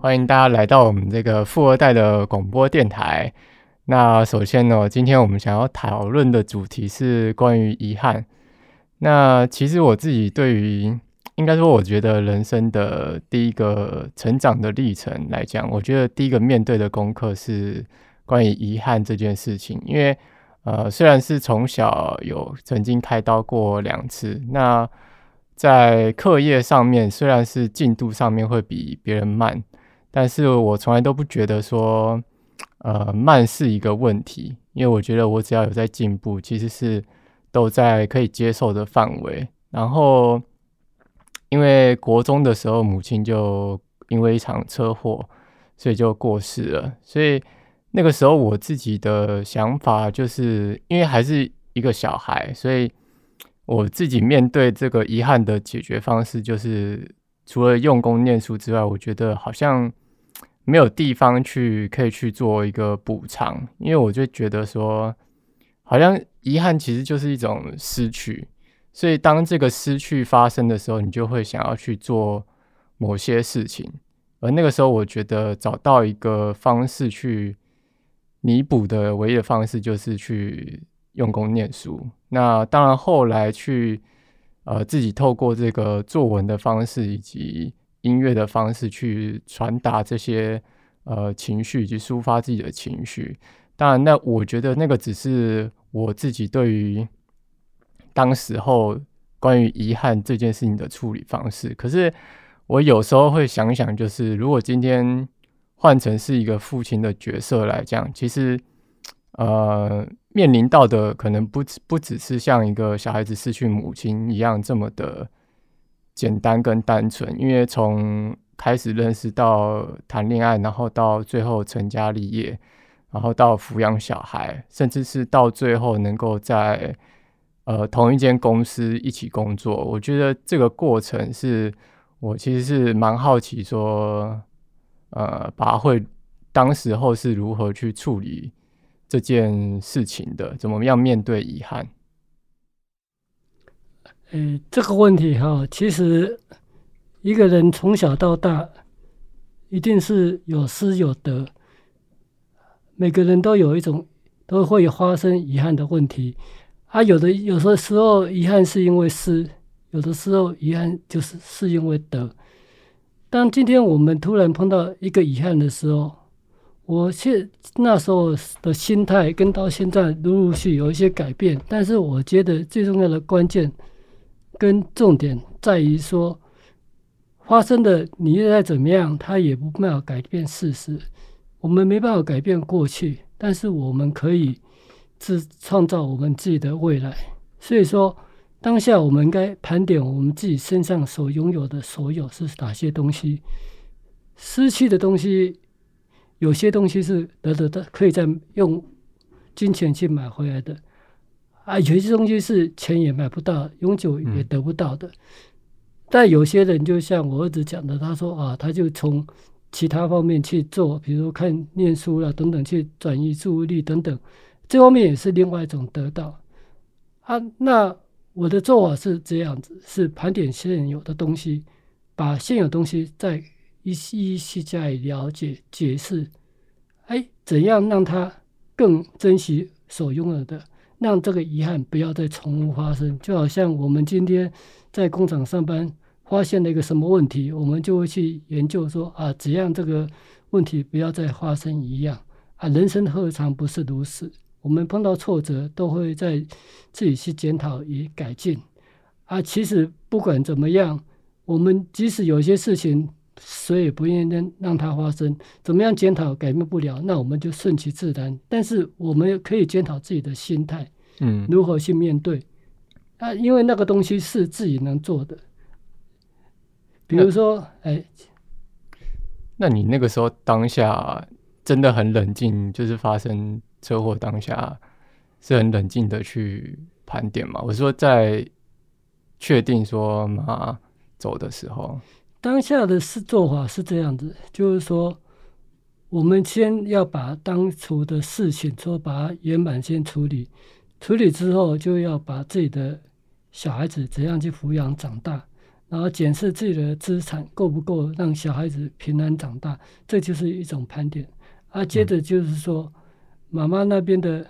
歡迎大家來到我們這個富二代的廣播電台。那首先呢，今天我們想要討論的主題是關於遺憾。那其實我自己對於，應該說我覺得人生的第一個成長的歷程來講，我覺得第一個面對的功課是關於遺憾這件事情。因為，呃，雖然是從小有曾經開刀過兩次，那在課業上面，雖然是進度上面會比別人慢，但是我從來都不覺得說。呃，慢是一個問題，因為我覺得我只要有在進步，其實是都在可以接受的範圍。然後，因為國中的時候，母親就因為一場車禍，所以就過世了。所以那個時候，我自己的想法就是因為還是一個小孩，所以我自己面對這個遺憾的解決方式，就是除了用功念書之外，我覺得好像。沒有地方去可以去做一個補償，因為我就覺得說，好像遺憾其實就是一種失去，所以當這個失去發生的時候，你就會想要去做某些事情，而那個時候，我覺得找到一個方式去彌補的唯一的方式就是去用功念書。那當然，後來去呃自己透過這個作文的方式以及。音樂的方式去傳達這些呃情緒，以及抒發自己的情緒。當然，那我覺得那個只是我自己對於當時候關於遺憾這件事情的處理方式。可是我有時候會想一想，就是如果今天換成是一個父親的角色來講，其實呃面臨到的可能不不只是像一個小孩子失去母親一樣這麼的。簡單跟單純，因為從開始認識到談戀愛，然後到最後成家立業，然後到撫養小孩，甚至是到最後能夠在呃同一間公司一起工作，我覺得這個過程是我其實是蠻好奇說，說呃，爸會當時候是如何去處理這件事情的，怎麼樣面對遺憾。呃，這個問題哈、哦，其實一個人從小到大，一定是有失有得。每個人都有一種，都會發生遺憾的問題。啊，有的有的時候遺憾是因為失，有的時候遺憾就是是因為得。當今天我們突然碰到一個遺憾的時候，我現那時候的心態跟到現在陸陸續有一些改變，但是我覺得最重要的關鍵。跟重點在於說，發生的你再怎麼樣，它也不辦法改變事實。我們沒辦法改變過去，但是我們可以自創造我們自己的未來。所以說，當下我們應該盤點我們自己身上所擁有的所有是哪些東西，失去的東西，有些東西是得得的，可以再用金錢去買回來的。啊，有些東西是錢也買不到，永久也得不到的。嗯、但有些人就像我兒子講的，他說啊，他就從其他方面去做，比如看、念書了、啊、等等，去轉移注意力等等。這方面也是另外一種得到。啊，那我的做法是這樣子：是盤點現有的東西，把現有的東西再一一去加以了解、解釋。哎，怎樣讓他更珍惜所擁有的？讓這個遺憾不要再重複發生，就好像我們今天在工廠上班發現了一個什麼問題，我們就會去研究說啊，怎樣這個問題不要再發生一樣啊。人生何嘗不是如此？我們碰到挫折，都會在自己去檢討與改進。啊，其實不管怎麼樣，我們即使有些事情誰也不願意讓讓它發生，怎麼樣檢討改變不了，那我們就順其自然。但是我們可以檢討自己的心態。嗯，如何去面對、嗯？啊，因為那個東西是自己能做的。比如說，哎、欸，那你那個時候當下真的很冷靜，就是發生車禍當下是很冷靜的去盤點嘛？我是說，在確定說媽走的時候，當下的是做法是這樣子，就是說，我們先要把當初的事情，說把圓滿先處理。處理之後，就要把自己的小孩子怎樣去撫養長大，然後檢視自己的資產夠不夠讓小孩子平安長大，這就是一種盤點。啊，接着就是說，媽、嗯、媽那邊的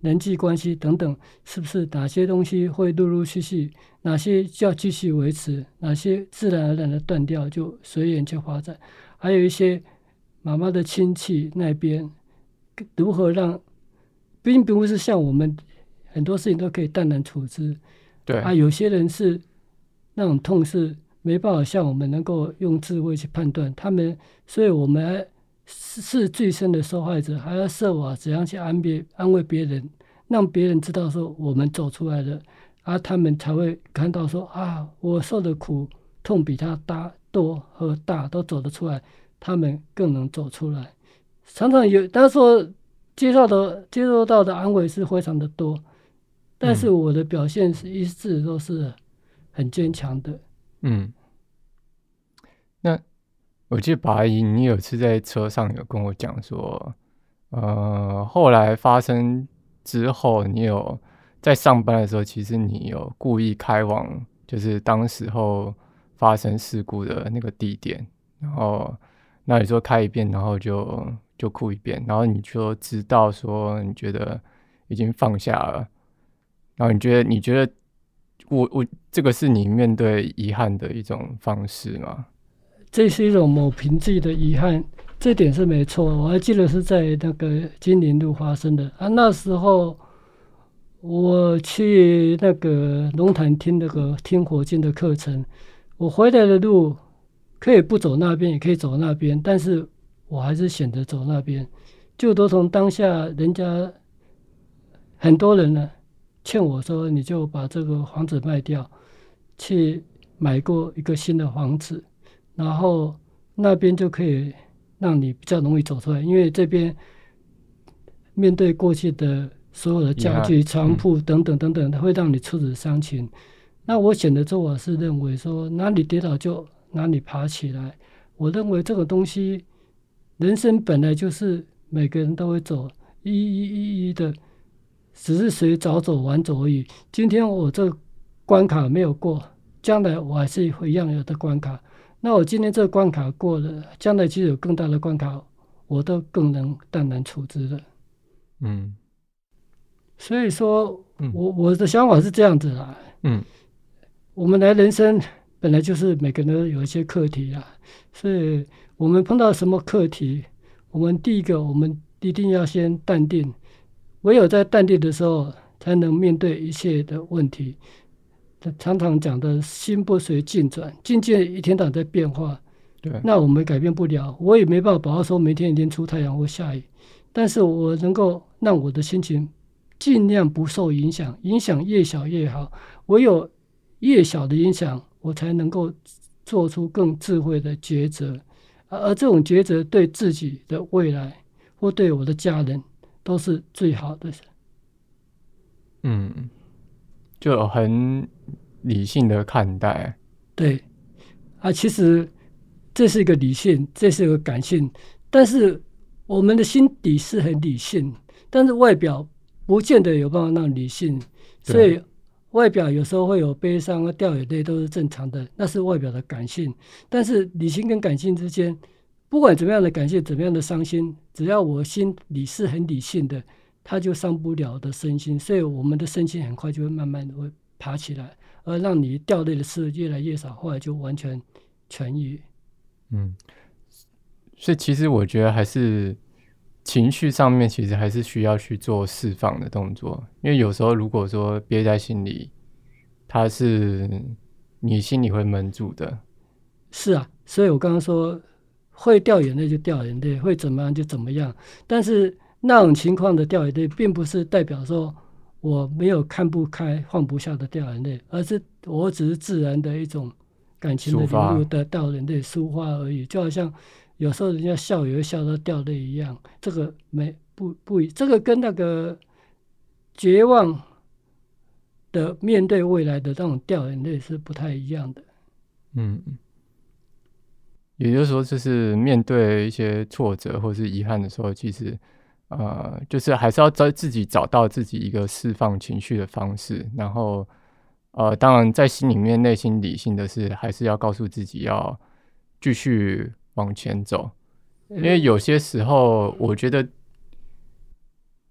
人際關係等等，是不是哪些東西會陸陸續續，哪些就要繼續維持，哪些自然而然的斷掉就隨緣去發展。還有一些媽媽的親戚那邊，如何讓，並不是像我們。很多事情都可以淡然處之，對啊，有些人是那種痛是沒辦法像我們能夠用智慧去判斷他們，所以我們是最深的受害者，還要受啊，怎樣去安慰安慰別人，讓別人知道說我們走出來了，啊他們才會看到說啊，我受的苦痛比他大多和大都走得出來，他們更能走出來。常常有，但是說接受的接受到的安慰是非常的多。但是我的表現是一直都是很堅強的。嗯，嗯，那我記得白阿姨，你有次在車上有跟我講說，呃，後來發生之後，你有在上班的時候，其實你有故意開往就是當時候發生事故的那個地點，然後那你說開一遍，然後就就哭一遍，然後你就知道說，你覺得已經放下了。然後你覺得？你覺得我我這個是你面對遺憾的一種方式嗎？這是一種抹平自己的遺憾，這點是沒錯。我還記得是在那個金陵路發生的啊，那時候我去那個龍潭聽那個聽佛經的課程，我回來的路可以不走那邊，也可以走那邊，但是我還是選擇走那邊，就都從當下，人家很多人呢。勸我說：“你就把這個房子賣掉，去買過一個新的房子，然後那邊就可以讓你比較容易走出來。因為這邊面對過去的所有的家具、床、yeah. 鋪等等等等，它會讓你觸景傷情。那我選擇做我是認為說，哪裡跌倒就哪裡爬起來。我認為這個東西，人生本來就是每個人都會走一一一,一,一的。”只是誰早走晚走而已。今天我這關卡沒有過，將來我還是會一樣有的關卡。那我今天這關卡過了，將來即使有更大的關卡，我都更能淡然處之了。嗯，所以說，我我的想法是這樣子啊。嗯，我們來，人生本來就是每個人有一些課題啊。所以我們碰到什麼課題，我們第一個，我們一定要先淡定。唯有在淡定的時候，才能面對一切的問題。常常講的心不隨境轉，境界一天到晚在變化，對，那我們改變不了，我也沒辦法保證說明天一定出太陽或下雨。但是我能夠讓我的心情儘量不受影響，影響越小越好。唯有越小的影響，我才能夠做出更智慧的抉擇。而這種抉擇對自己的未來，或對我的家人。都是最好的。嗯，就很理性的看待。對，啊，其實這是一個理性，這是一個感性，但是我們的心底是很理性，但是外表不見得有辦法讓理性，所以外表有時候會有悲傷啊、掉眼淚都是正常的，那是外表的感性，但是理性跟感性之間。不管怎麼樣的感謝，怎麼樣的傷心，只要我心裡是很理性的，它就傷不了的身心。所以我們的身心很快就會慢慢的會爬起來，而讓你掉淚的事越來越少，後來就完全痊癒。嗯，所以其實我覺得還是情緒上面，其實還是需要去做釋放的動作，因為有時候如果說憋在心裡，它是你心裡會悶住的。是啊，所以我剛剛說。會掉眼淚就掉眼淚，會怎麼樣就怎麼樣。但是那種情況的掉眼淚，並不是代表說我沒有看不開、放不下的掉眼淚，而是我只是自然的一種感情的流露的掉眼淚抒發，發而已。就好像有時候人家笑，也會笑到掉淚一樣。這個沒不不這個跟那個絕望的面對未來的那種掉眼淚是不太一樣的。嗯嗯。也就是說，就是面對一些挫折或是遺憾的時候，其實，呃，就是還是要在自己找到自己一個釋放情緒的方式。然後，呃，當然，在心裡面、內心理性的是，還是要告訴自己要繼續往前走。因為有些時候，我覺得，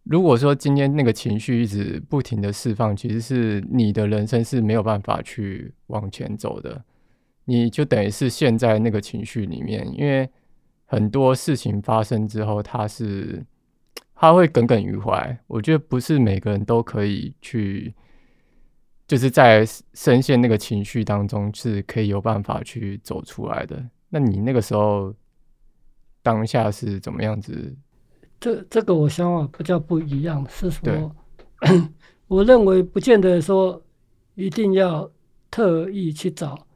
如果說今天那個情緒一直不停的釋放，其實是你的人生是沒有辦法去往前走的。你就等於是陷在那個情緒裡面，因為很多事情發生之後它，他是他會耿耿於懷。我覺得不是每個人都可以去，就是在深陷那個情緒當中是可以有辦法去走出來的。那你那個時候當下是怎麼樣子？這這個我想法比較不一樣，是什麼？ 我認為不見得說一定要特意去找。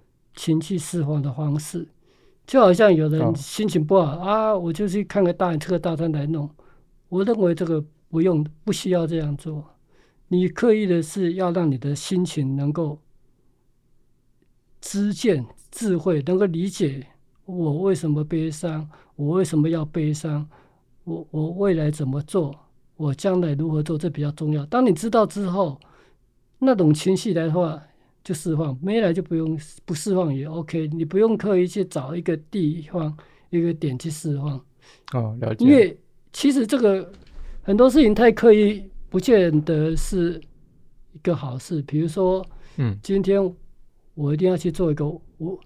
情緒釋放的方式，就好像有人心情不好、哦、啊，我就去看個大、這個大餐來弄。我認為這個不用、不需要這樣做。你刻意的是要讓你的心情能夠知見智慧，能夠理解我為什麼悲傷，我為什麼要悲傷，我我未來怎麼做，我將來如何做，這比較重要。當你知道之後，那種情緒來的話，就釋放，沒來就不用不釋放也 OK，你不用刻意去找一個地方、一個點去釋放。哦，了解。因為其實這個很多事情太刻意，不見得是一個好事。比如說，嗯，今天我一定要去做一個我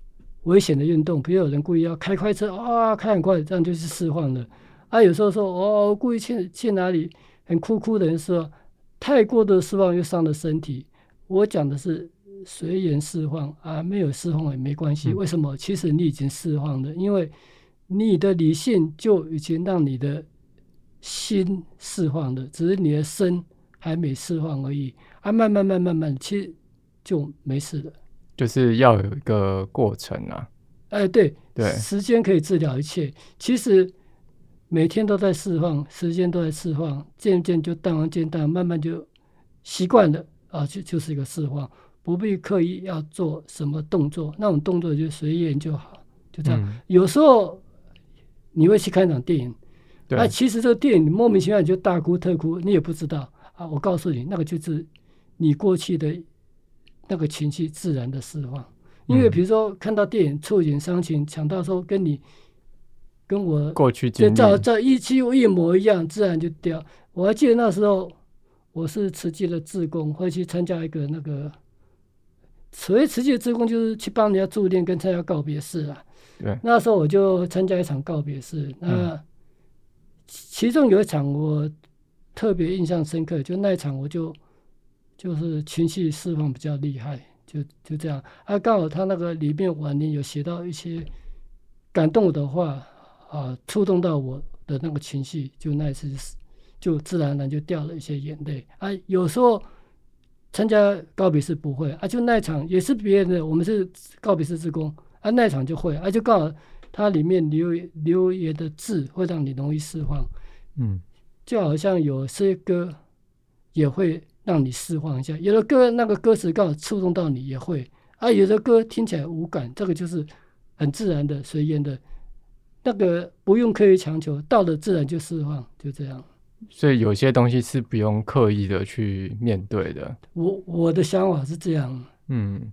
危險的運動，嗯，比如有人故意要開快車啊，開很快，這樣就去釋放了啊。有時候說哦，故意去去哪裡很酷酷的人說，太過的釋放又傷了身體。我講的是，隨緣釋放啊，沒有釋放也沒關係。為什麼？其實你已經釋放了，因為你的理性就已經讓你的心釋放了，只是你的身還沒釋放而已。啊，慢慢、慢慢、慢慢，其實就沒事了。就是要有一個過程啊！哎，對對，時間可以治療一切。其實每天都在釋放，時間都在釋放，漸漸就淡忘，漸淡忘，慢慢慢就習慣了啊，就就是一個釋放。不必刻意要做什麼動作，那種動作就隨緣就好，就這樣，嗯。有時候你會去看一場電影，那、啊、其實這個電影莫名其妙你就大哭特哭，你也不知道啊。我告訴你，那個就是你過去的那個情緒自然的釋放。嗯、因為比如說看到電影觸景傷情，想到說跟你跟我過去就照照一期一模一樣，自然就掉。我還記得那時候我是辭去了志工，會去參加一個那個。所謂慈濟的志工，就是去幫人家助念，跟參加告別式啊。對，那時候我就參加一場告別式，那、嗯呃、其中有一場我特別印象深刻，就那一場我就就是情緒釋放比較厲害，就就這樣。啊，剛好他那個裡面晚年有寫到一些感動我的話啊，觸、呃、動到我的那個情緒，就那一次就，就自然而然就掉了一些眼淚。啊，有時候。參加告別式不會啊，就那一場也是別人的，我們是告別式志工，啊，那一場就會啊，就剛好，它裡面留留言的字會讓你容易釋放，嗯，就好像有些歌也會讓你釋放一下，有的歌那個歌詞剛好觸動到你也會啊，有的歌聽起來無感，這個就是很自然的隨緣的，那個不用刻意強求，到了自然就釋放，就這樣。所以有些東西是不用刻意的去面對的。我我的想法是這樣。嗯，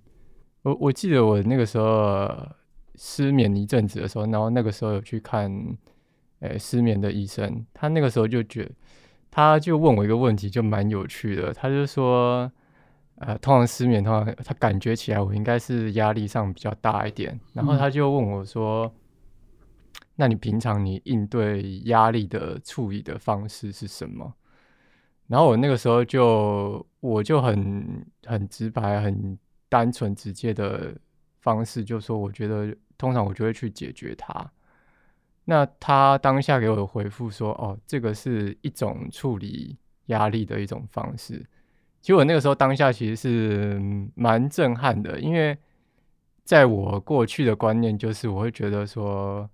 我我記得我那個時候失眠一陣子的時候，然後那個時候有去看，誒、欸、失眠的醫生，他那個時候就覺得，他就問我一個問題，就蠻有趣的。他就說，呃，通常失眠的話，通常他感覺起來我應該是壓力上比較大一點，然後他就問我說。嗯。那你平常你應對壓力的處理的方式是什麼？然後我那個時候就我就很很直白、很單純、直接的方式，就說我覺得通常我就會去解決它。那他當下給我回覆說：“哦，這個是一種處理壓力的一種方式。”其實我那個時候當下其實是蠻震撼的，因為在我過去的觀念就是我會覺得說。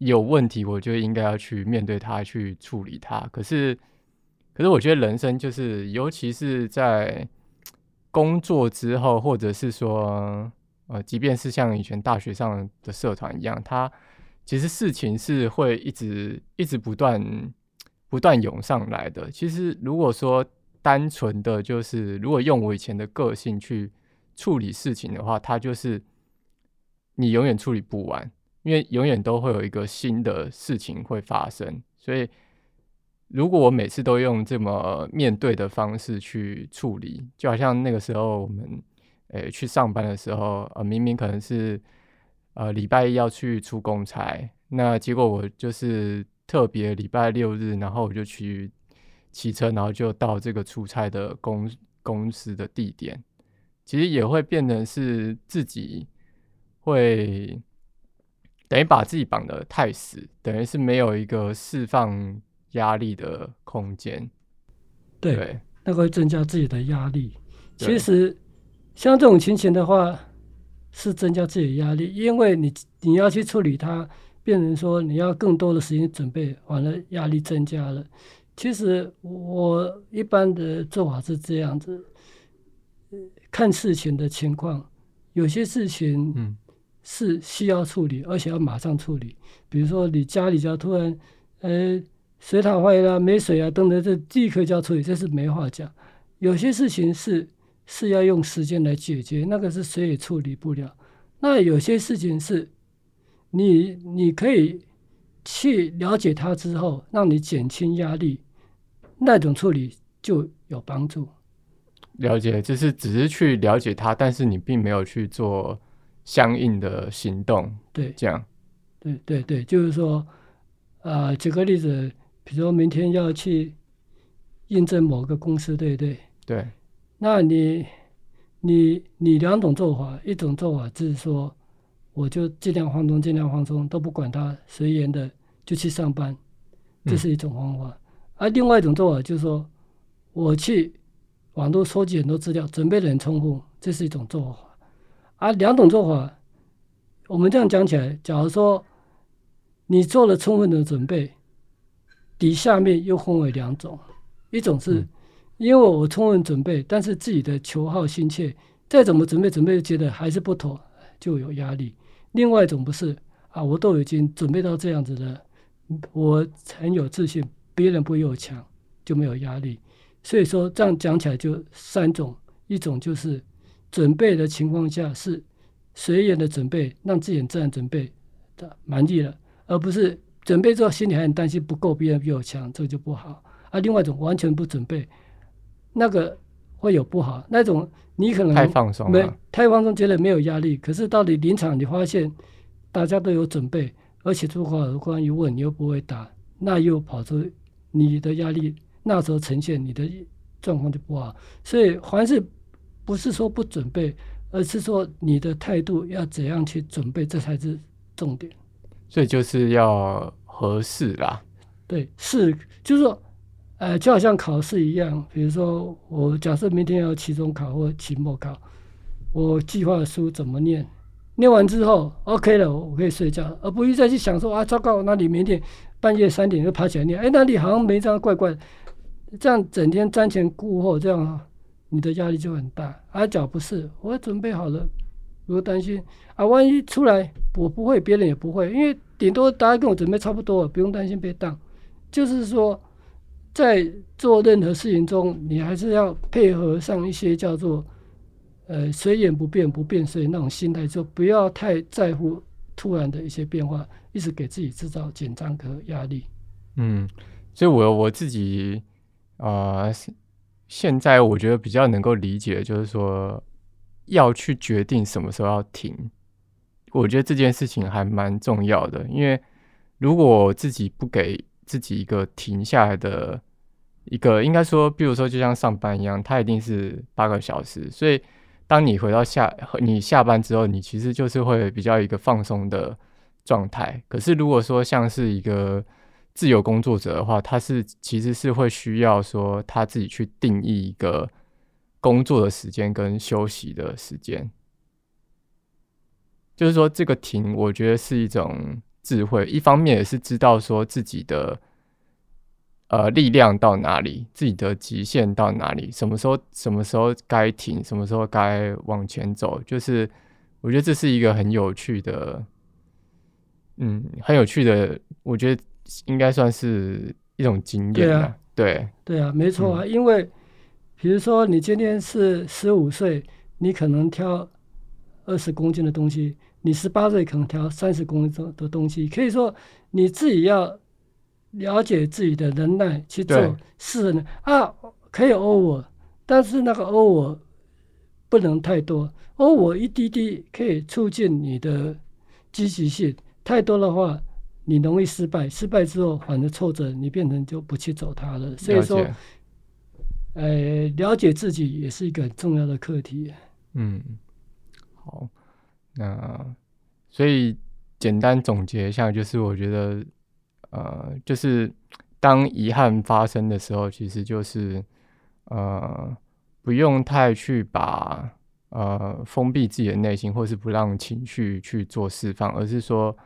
有問題，我就應該要去面對它，去處理它。可是，可是，我覺得人生就是，尤其是在工作之後，或者是說，呃，即便是像以前大學上的社團一樣，它其實事情是會一直、一直不斷、不斷湧上來的。其實，如果說單純的就是，如果用我以前的個性去處理事情的話，它就是你永遠處理不完。因為永遠都會有一個新的事情會發生，所以如果我每次都用這麼面對的方式去處理，就好像那個時候我們誒、欸、去上班的時候，呃、明明可能是呃禮拜一要去出公差，那結果我就是特別禮拜六日，然後我就去騎車，然後就到這個出差的公公司的地點，其實也會變成是自己會。等於把自己綁得太死，等於是沒有一個釋放壓力的空間。對，那會增加自己的壓力。其實，像這種情形的話，是增加自己的壓力，因為你你要去處理它，變成說你要更多的時間準備，完了壓力增加了。其實我一般的做法是這樣子，看事情的情況，有些事情，嗯，是需要處理，而且要馬上處理。比如說，你家裡就突然，呃、欸，水塔壞了，沒水啊，等等，這立刻就要處理，這是沒話講。有些事情是是要用時間來解決，那個是誰也處理不了。那有些事情是你，你你可以去了解它之後，讓你減輕壓力，那種處理就有幫助。了解就是只是去了解它，但是你並沒有去做。相應的行動，對，這樣，對對對，就是說，呃，舉個例子，比如說明天要去印證某個公司，對不對？對。那你，你你兩種做法，一種做法就是說，我就盡量放鬆，盡量放鬆，都不管它，隨緣的就去上班，這是一種方法。嗯。啊，另外一種做法就是說，我去網絡收集很多資料，準備得很充分，這是一種做法。啊，兩種做法，我們這樣講起來，假如說你做了充分的準備，底下面又分為兩種，一種是，因為我充分準備，但是自己的求好心切，再怎麼準備準備，覺得還是不妥，就有壓力，另外一種不是，啊，我都已經準備到這樣子了，我很有自信，別人不比我強，就沒有壓力。所以說，這樣講起來就三種，一種就是。準備的情況下是隨緣的準備，讓自己自然準備的滿意了，而不是準備之後心裡還很擔心不夠，別人比我強，這就不好。啊，另外一種完全不準備，那個會有不好。那種你可能太放鬆了，沒太放鬆，覺得沒有壓力。可是到底臨場，你發現大家都有準備，而且狀況又關於問，你又不會答，那又跑出你的壓力，那時候呈現你的狀況就不好。所以凡是。不是說不準備，而是說你的態度要怎樣去準備，這才是重點。所以就是要合適啦。對，是就是說，呃，就好像考試一樣，比如說我假設明天要期中考或期末考，我計劃書怎麼念？念完之後 OK 了，我可以睡覺，而不用再去想說啊，糟糕，哪裡沒念？半夜三點又爬起來念，哎，哪裡好像沒這樣，怪怪的這樣整天瞻前顧後，這樣啊。你的壓力就很大，而、啊、腳不是，我準備好了，不用擔心啊。萬一出來我不會，別人也不會，因為頂多大家跟我準備差不多，不用擔心被當。就是說，在做任何事情中，你還是要配合上一些叫做呃隨緣不變、不變隨緣那種心態，就不要太在乎突然的一些變化，一直給自己制造緊張和壓力。嗯，所以我我自己啊。呃現在我覺得比較能夠理解，就是說要去決定什麼時候要停。我覺得這件事情還蠻重要的，因為如果自己不給自己一個停下來的一個，應該說，比如說就像上班一樣，它一定是八個小時，所以當你回到下你下班之後，你其實就是會比較一個放鬆的狀態。可是如果說像是一個。自由工作者的話，他是其實是會需要說他自己去定義一個工作的時間跟休息的時間，就是說這個停，我覺得是一種智慧。一方面也是知道說自己的呃力量到哪裡，自己的極限到哪裡，什麼時候什麼時候該停，什麼時候該往前走，就是我覺得這是一個很有趣的，嗯，很有趣的，我覺得。應該算是一種經驗，對啊對，對啊，沒錯啊、嗯！因為比如說，你今天是十五歲，你可能挑二十公斤的東西；你十八歲可能挑三十公斤的東西。可以說，你自己要了解自己的能耐去做事呢。啊，可以 over，但是那個 over 不能太多。over 一滴滴可以促進你的積極性，太多的話。你容易失敗，失敗之後，反而挫折，你變成就不去走它了。所以說，呃，了解自己也是一個很重要的課題。嗯，好，那所以簡單總結一下，就是我覺得，呃，就是當遺憾發生的時候，其實就是呃，不用太去把呃封閉自己的內心，或是不讓情緒去做釋放，而是說。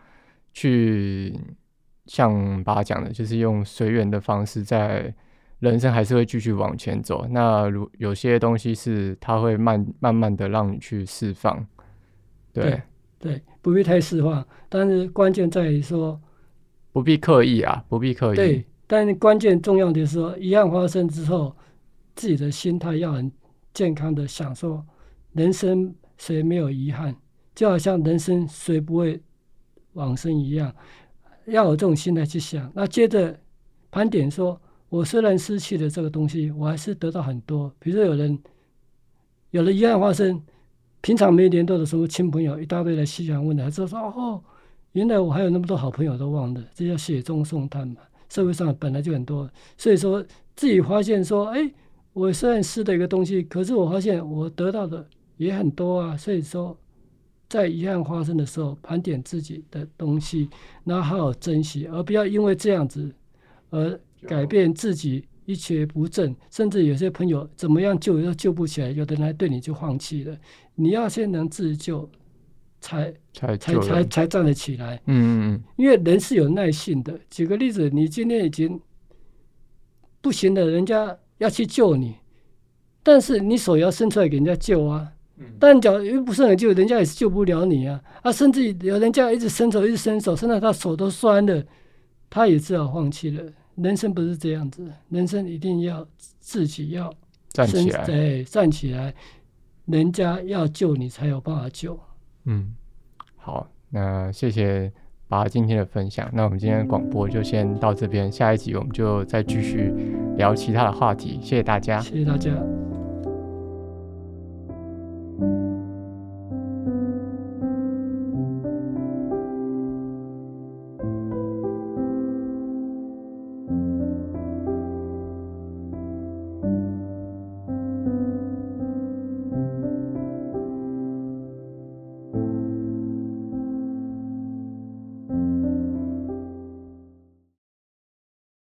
去像爸爸講的，就是用隨緣的方式，在人生還是會繼續往前走。那如有些東西是，它會慢慢慢的讓你去釋放。對對，對，不必太釋放，但是關鍵在於說，不必刻意啊，不必刻意。對，但關鍵重要的是說，遺憾發生之後，自己的心態要很健康的享受。人生誰沒有遺憾？就好像人生誰不會？往生一樣，要有這種心態去想。那接着盤點說，說我雖然失去了這個東西，我還是得到很多。比如說有人有了遺憾發生，平常沒聯絡的時候，親朋友一大堆來西祥問的，還是說哦，哦，原來我還有那麼多好朋友都忘了，這叫雪中送炭嘛。社會上本來就很多，所以說自己發現說，哎、欸，我雖然失了一個東西，可是我發現我得到的也很多啊。所以說。在遺憾發生的時候，盤點自己的東西，然後好好珍惜，而不要因為這樣子而改變自己一蹶不振，甚至有些朋友怎麼樣救都救不起來，有的人還對你就放棄了。你要先能自救，才才才才才站得起來。嗯嗯嗯，因為人是有耐性的。舉個例子，你今天已經不行了，人家要去救你，但是你手要伸出來給人家救啊。但腳又不是很舊，人家也是救不了你啊！啊，甚至有人家一直伸手，一直伸手，伸到他手都酸了，他也只好放棄了。人生不是這樣子，人生一定要自己要生站起來，哎、欸，站起來！人家要救你才有辦法救。嗯，好，那謝謝爸今天的分享。那我們今天的廣播就先到這邊，下一集我們就再繼續聊其他的話題。謝謝大家，謝謝大家。